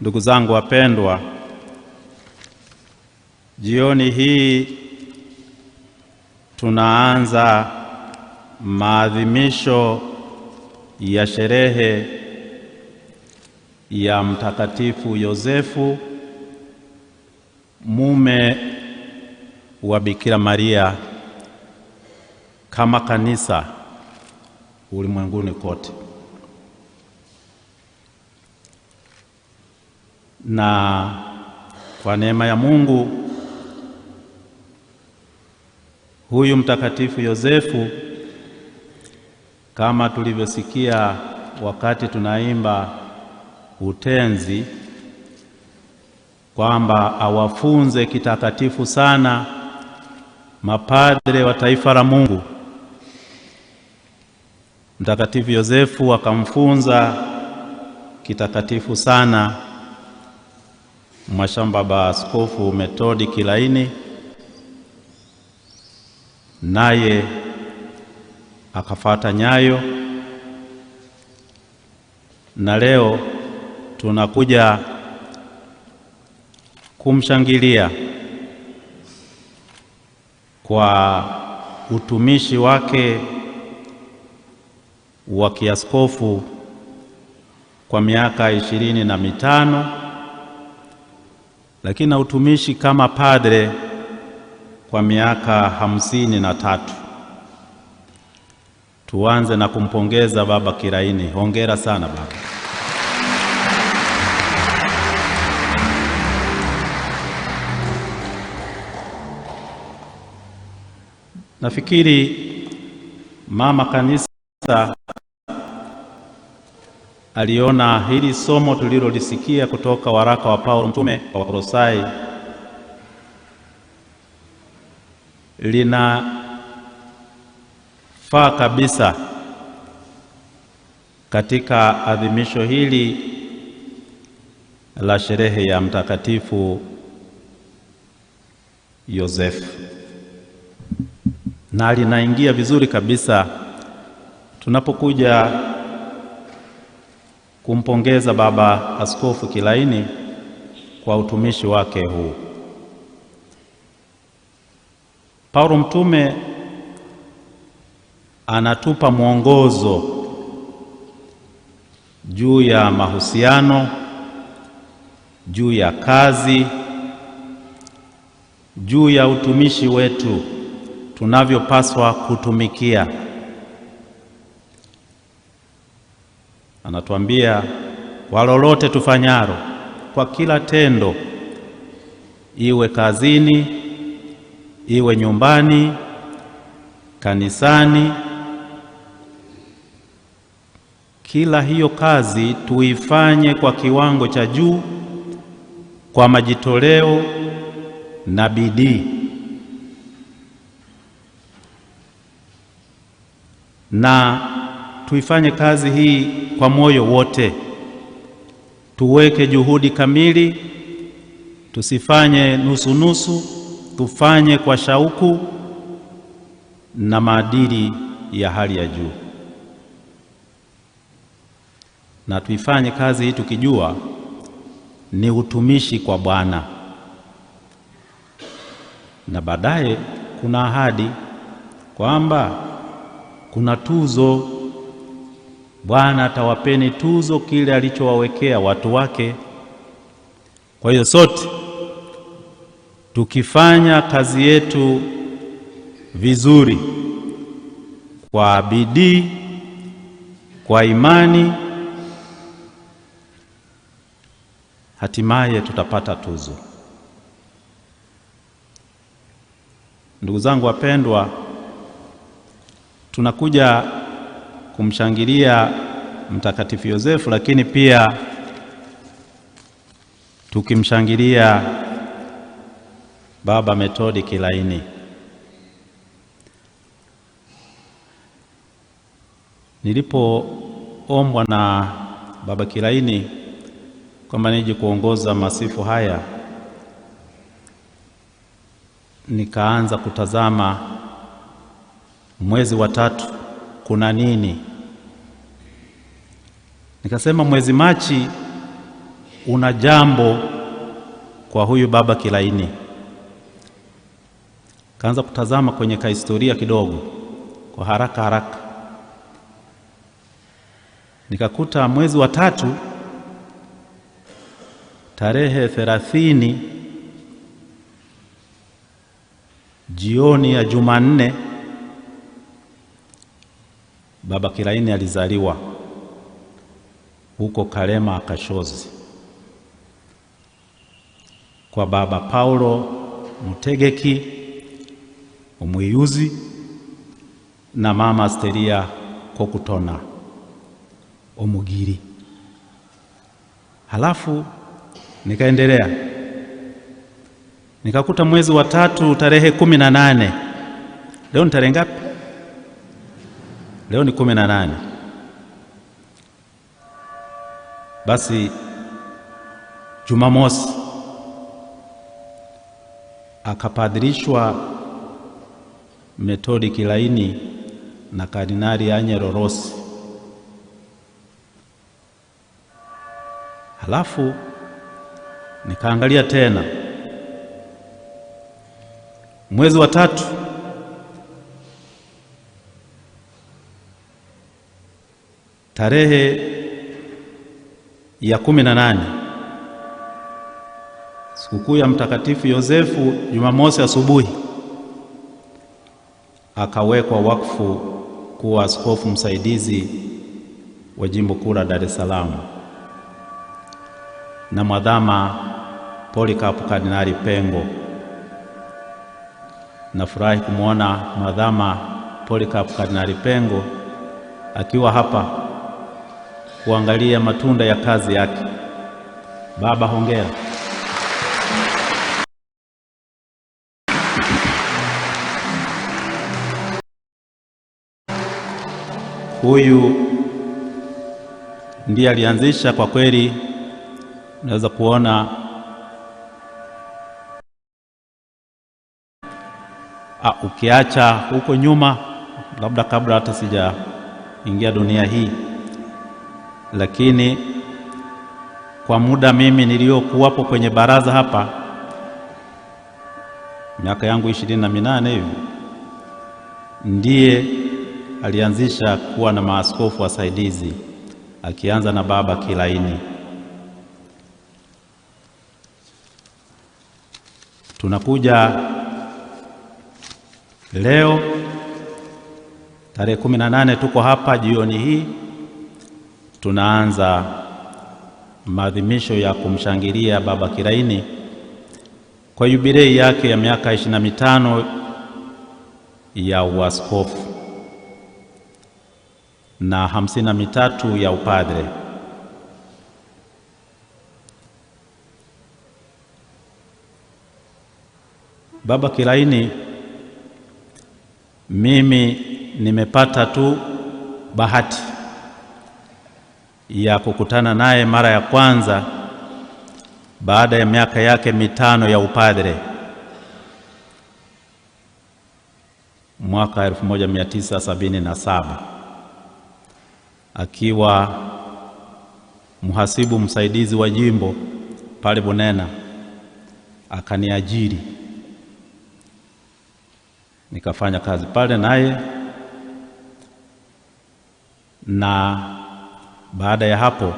Ndugu zangu wapendwa, jioni hii tunaanza maadhimisho ya sherehe ya Mtakatifu Yosefu mume wa Bikira Maria kama kanisa ulimwenguni kote. na kwa neema ya Mungu huyu mtakatifu Yosefu, kama tulivyosikia wakati tunaimba utenzi, kwamba awafunze kitakatifu sana mapadre wa taifa la Mungu. Mtakatifu Yosefu akamfunza kitakatifu sana Mwashamba Baba Askofu Methodi Kilaini, naye akafata nyayo, na leo tunakuja kumshangilia kwa utumishi wake wa kiaskofu kwa miaka ishirini na mitano lakini na utumishi kama padre kwa miaka hamsini na tatu. Tuanze na kumpongeza Baba Kiraini. Hongera sana baba. Nafikiri mama kanisa aliona hili somo tulilolisikia kutoka waraka wa Paulo mtume wa Wakolosai linafaa kabisa katika adhimisho hili la sherehe ya Mtakatifu Yosefu, na linaingia vizuri kabisa tunapokuja kumpongeza Baba Askofu Kilaini kwa utumishi wake huu. Paulo mtume anatupa mwongozo juu ya mahusiano, juu ya kazi, juu ya utumishi wetu tunavyopaswa kutumikia Anatuambia kwa lolote tufanyalo, kwa kila tendo, iwe kazini, iwe nyumbani, kanisani, kila hiyo kazi tuifanye kwa kiwango cha juu, kwa majitoleo na bidii na tuifanye kazi hii kwa moyo wote, tuweke juhudi kamili, tusifanye nusu nusu, tufanye kwa shauku na maadili ya hali ya juu, na tuifanye kazi hii tukijua ni utumishi kwa Bwana, na baadaye kuna ahadi kwamba kuna tuzo Bwana atawapeni tuzo kile alichowawekea watu wake. Kwa hiyo sote tukifanya kazi yetu vizuri, kwa bidii, kwa imani, hatimaye tutapata tuzo. Ndugu zangu wapendwa, tunakuja kumshangilia mtakatifu Yosefu, lakini pia tukimshangilia Baba Methodi Kilaini. Nilipoombwa na Baba Kilaini kwamba nije kuongoza masifu haya, nikaanza kutazama mwezi wa tatu kuna nini? Nikasema mwezi Machi una jambo kwa huyu baba Kilaini. Kaanza kutazama kwenye kahistoria kidogo kwa haraka haraka, nikakuta mwezi wa tatu tarehe thelathini jioni ya Jumanne Baba Kilaini alizaliwa huko Karema Akashozi kwa Baba Paulo Mutegeki Umwiyuzi na Mama steria Kokutona Omugiri. Halafu nikaendelea nikakuta mwezi wa tatu tarehe kumi na nane. Leo ni tarehe ngapi? leo ni kumi na nane. Basi Jumamosi akapadhirishwa Metodi Kilaini na Kardinali Anyelo Rossi. Halafu nikaangalia tena mwezi wa tatu Tarehe ya kumi na nane sikukuu ya Mtakatifu Yosefu, Jumamosi asubuhi akawekwa wakfu kuwa askofu msaidizi wa jimbo kuu la Dar es Salaam na mwadhama Polikapu Kardinali Pengo. Nafurahi kumwona mwadhama Polycarp Kardinali Pengo akiwa hapa kuangalia matunda ya kazi yake. Baba, hongera. Huyu ndiye alianzisha. Kwa kweli, unaweza kuona A, ukiacha huko nyuma, labda kabla hata sijaingia dunia hii lakini kwa muda mimi niliyokuwapo kwenye baraza hapa miaka yangu ishirini na minane hivi ndiye alianzisha kuwa na maaskofu wasaidizi akianza na Baba Kilaini. Tunakuja leo tarehe kumi na nane, tuko hapa jioni hii Tunaanza maadhimisho ya kumshangilia Baba Kilaini kwa yubilei yake ya miaka ishirini na mitano ya uaskofu na hamsini na mitatu ya upadre. Baba Kilaini, mimi nimepata tu bahati ya kukutana naye mara ya kwanza baada ya miaka yake mitano ya upadre mwaka 1977 akiwa mhasibu msaidizi wa jimbo pale Bunena, akaniajiri nikafanya kazi pale naye na baada ya hapo,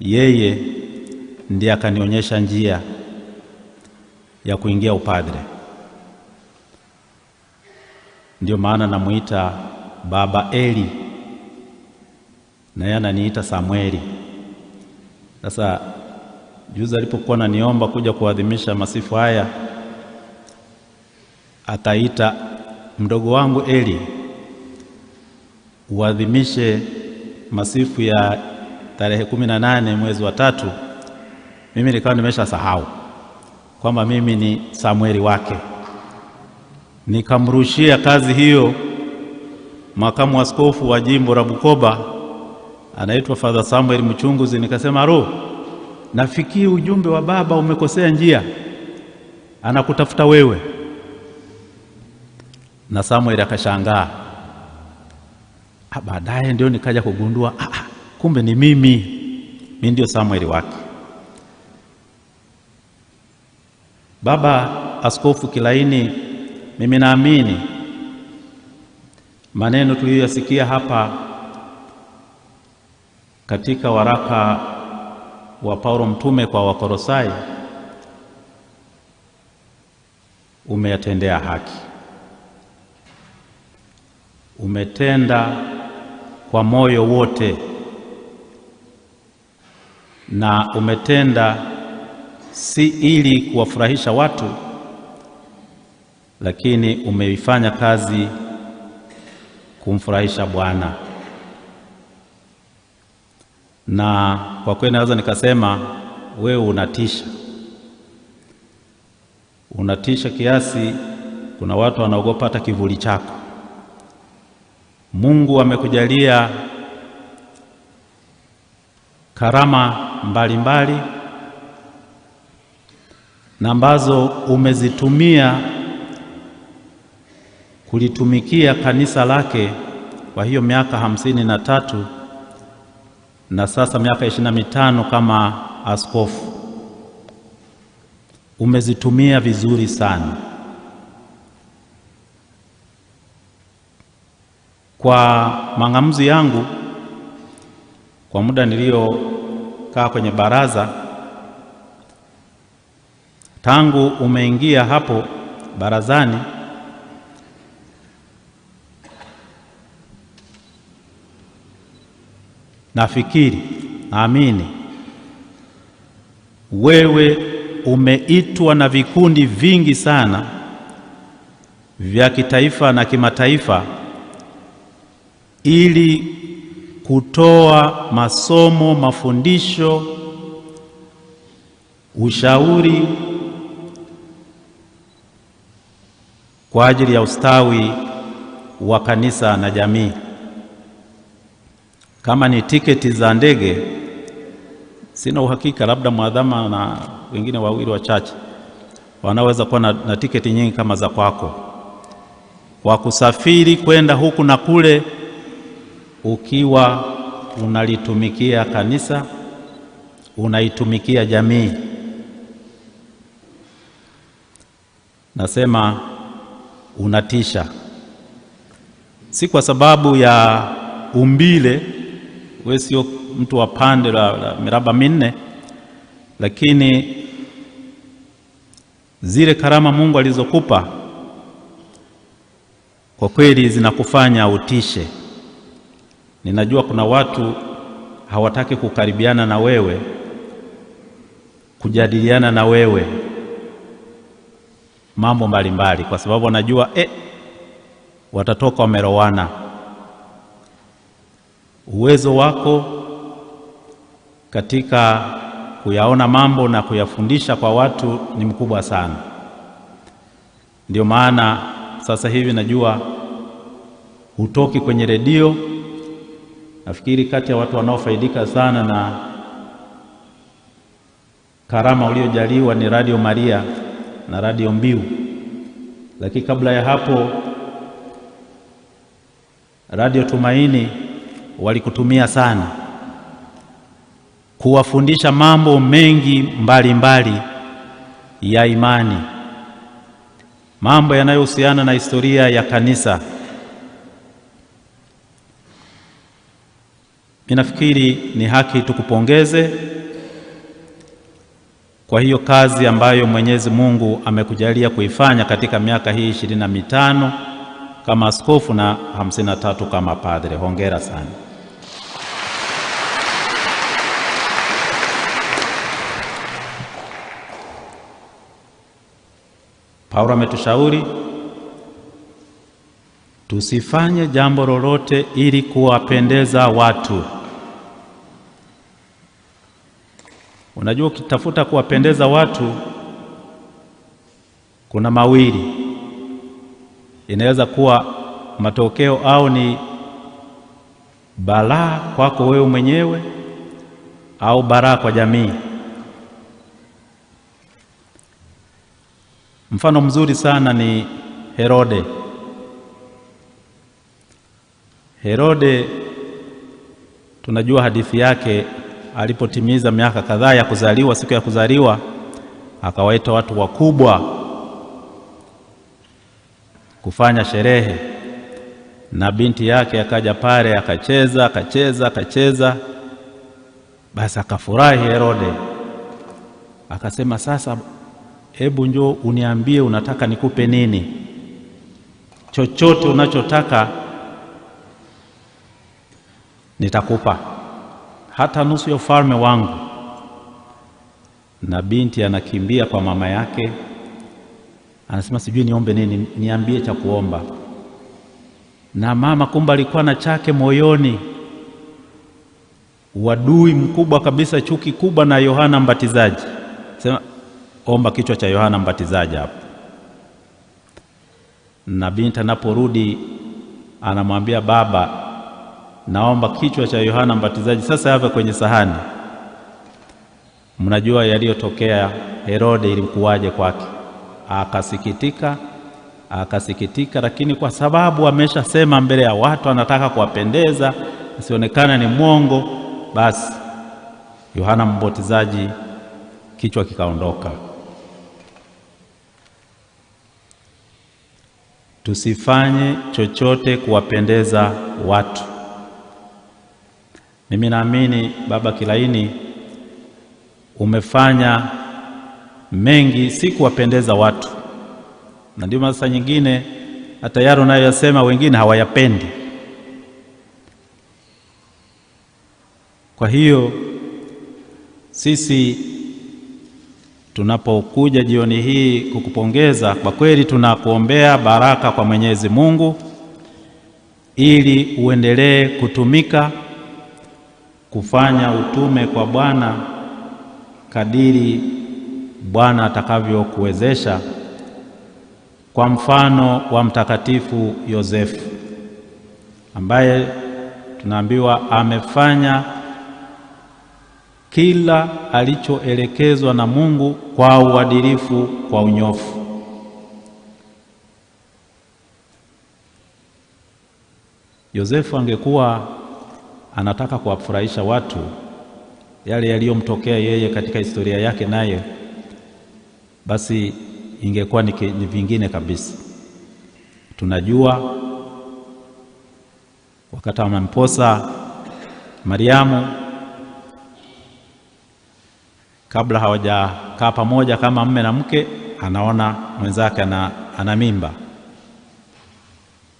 yeye ndiye akanionyesha njia ya kuingia upadre. Ndio maana namuita Baba Eli na yeye ananiita Samueli. Sasa juzi alipokuwa naniomba kuja kuadhimisha masifu haya, akaita mdogo wangu Eli uadhimishe masifu ya tarehe kumi na nane mwezi wa tatu, mimi nikawa nimesha sahau kwamba mimi ni Samueli wake. Nikamrushia kazi hiyo makamu askofu wa jimbo la Bukoba, anaitwa Father Samuel Mchunguzi. Nikasema, roho nafikii ujumbe wa baba umekosea njia, anakutafuta wewe. Na Samuel akashangaa. Ah, baadaye ndio nikaja kugundua ah, ah kumbe ni mimi, mi ndio Samueli wake. Baba Askofu Kilaini, mimi naamini maneno tuliyoyasikia hapa katika waraka wa Paulo mtume kwa wakorosai umeyatendea haki, umetenda kwa moyo wote na umetenda si ili kuwafurahisha watu, lakini umeifanya kazi kumfurahisha Bwana. Na kwa kweli naweza nikasema wewe unatisha, unatisha kiasi kuna watu wanaogopa hata kivuli chako. Mungu amekujalia karama mbalimbali mbali, na ambazo umezitumia kulitumikia kanisa lake kwa hiyo miaka hamsini na tatu na sasa miaka ishirini na mitano kama askofu umezitumia vizuri sana. Kwa mang'amuzi yangu kwa muda niliyokaa kwenye baraza, tangu umeingia hapo barazani, nafikiri naamini wewe umeitwa na vikundi vingi sana vya kitaifa na kimataifa ili kutoa masomo, mafundisho, ushauri kwa ajili ya ustawi wa kanisa na jamii. Kama ni tiketi za ndege, sina uhakika, labda mwadhama na wengine wawili wachache wanaweza kuwa na, na tiketi nyingi kama za kwako, kwa kusafiri kwenda huku na kule ukiwa unalitumikia kanisa, unaitumikia jamii. Nasema unatisha, si kwa sababu ya umbile, we sio mtu wa pande la, la miraba minne, lakini zile karama Mungu alizokupa kwa kweli zinakufanya utishe. Ninajua kuna watu hawataki kukaribiana na wewe, kujadiliana na wewe mambo mbalimbali kwa sababu wanajua eh, watatoka wamerowana. Uwezo wako katika kuyaona mambo na kuyafundisha kwa watu ni mkubwa sana. Ndio maana sasa hivi najua hutoki kwenye redio Nafikiri kati ya watu wanaofaidika sana na karama uliojaliwa ni Radio Maria na Radio Mbiu, lakini kabla ya hapo Radio Tumaini walikutumia sana kuwafundisha mambo mengi mbalimbali mbali ya imani, mambo yanayohusiana na historia ya kanisa Ninafikiri ni haki tukupongeze kwa hiyo kazi ambayo Mwenyezi Mungu amekujalia kuifanya katika miaka hii ishirini na mitano kama askofu na hamsini na tatu kama padre. Hongera sana. Paulo ametushauri tusifanye jambo lolote ili kuwapendeza watu. Unajua, ukitafuta kuwapendeza watu kuna mawili, inaweza kuwa matokeo au ni balaa kwako wewe mwenyewe au balaa kwa jamii. Mfano mzuri sana ni Herode. Herode tunajua hadithi yake alipotimiza miaka kadhaa ya kuzaliwa, siku ya kuzaliwa akawaita watu wakubwa kufanya sherehe, na binti yake akaja pale, akacheza akacheza akacheza, basi akafurahi Herode, akasema sasa, hebu njoo uniambie unataka nikupe nini? Chochote unachotaka nitakupa hata nusu ya ufalme wangu. Na binti anakimbia kwa mama yake, anasema sijui niombe nini, niambie cha kuomba. Na mama kumbe alikuwa na chake moyoni, wadui mkubwa kabisa, chuki kubwa na Yohana Mbatizaji. Sema omba kichwa cha Yohana Mbatizaji hapo. Na binti anaporudi anamwambia baba naomba kichwa cha Yohana Mbatizaji sasa hapa kwenye sahani. Mnajua yaliyotokea Herode, ilikuwaje kwake? Akasikitika, akasikitika, lakini kwa sababu ameshasema mbele ya watu, anataka kuwapendeza, asionekana ni mwongo, basi Yohana Mbatizaji kichwa kikaondoka. Tusifanye chochote kuwapendeza watu. Mimi naamini Baba Kilaini umefanya mengi, si kuwapendeza watu, na ndio maana nyingine hata yale unayoyasema wengine hawayapendi. Kwa hiyo sisi tunapokuja jioni hii kukupongeza, kwa kweli tunakuombea baraka kwa Mwenyezi Mungu ili uendelee kutumika kufanya utume kwa Bwana kadiri Bwana atakavyokuwezesha, kwa mfano wa Mtakatifu Yosefu ambaye tunaambiwa amefanya kila alichoelekezwa na Mungu kwa uadilifu, kwa unyofu. Yosefu angekuwa anataka kuwafurahisha watu yale yaliyomtokea yeye katika historia yake, naye basi ingekuwa ni vingine kabisa. Tunajua wakati amemposa Mariamu, kabla hawajakaa pamoja kama mme na mke, anaona mwenzake ana, ana mimba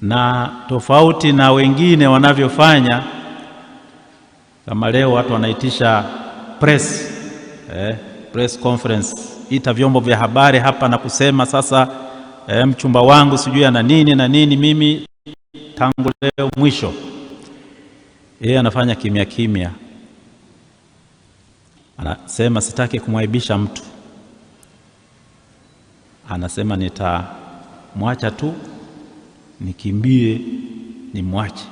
na tofauti na wengine wanavyofanya kama leo watu wanaitisha press, eh, press conference, ita vyombo vya habari hapa na kusema sasa, eh, mchumba wangu sijui ana nini na nini, mimi tangu leo mwisho. Yeye anafanya kimya kimya, anasema sitaki kumwaibisha mtu, anasema nitamwacha tu nikimbie, nimwache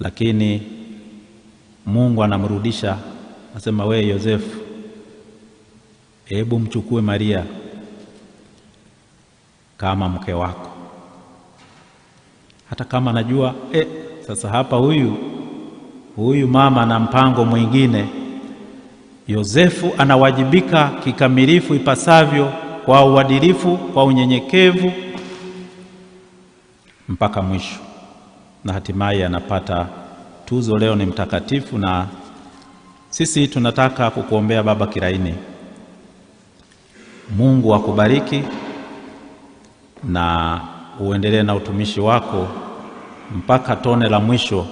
lakini Mungu anamrudisha anasema, wewe Yosefu, hebu mchukue Maria kama mke wako, hata kama anajua eh, sasa hapa huyu huyu mama na mpango mwingine. Yosefu anawajibika kikamilifu ipasavyo, kwa uadilifu, kwa unyenyekevu mpaka mwisho na hatimaye anapata tuzo. Leo ni mtakatifu, na sisi tunataka kukuombea Baba kiraini Mungu akubariki na uendelee na utumishi wako mpaka tone la mwisho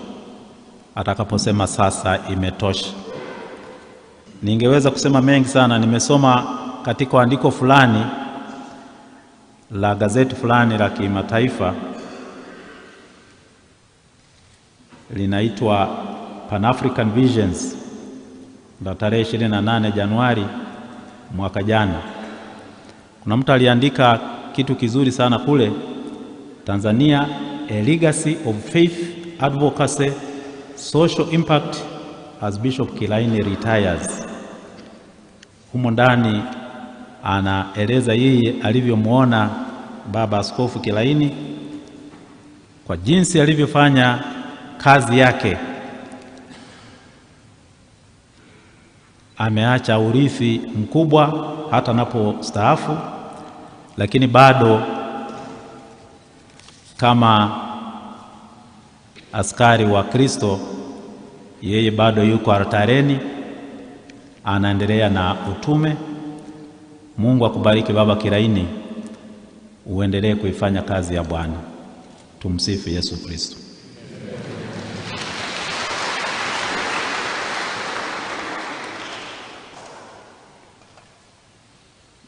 atakaposema sasa imetosha. Ningeweza kusema mengi sana. Nimesoma katika andiko fulani la gazeti fulani la kimataifa linaitwa Pan African Visions la tarehe 28 Januari mwaka jana. Kuna mtu aliandika kitu kizuri sana kule, Tanzania a legacy of faith advocacy social impact as Bishop Kilaini retires. Humo ndani anaeleza yeye alivyomwona Baba Askofu Kilaini kwa jinsi alivyofanya kazi yake, ameacha urithi mkubwa hata anapostaafu, lakini bado kama askari wa Kristo, yeye bado yuko altareni, anaendelea na utume. Mungu akubariki baba Kilaini, uendelee kuifanya kazi ya Bwana. Tumsifu Yesu Kristo.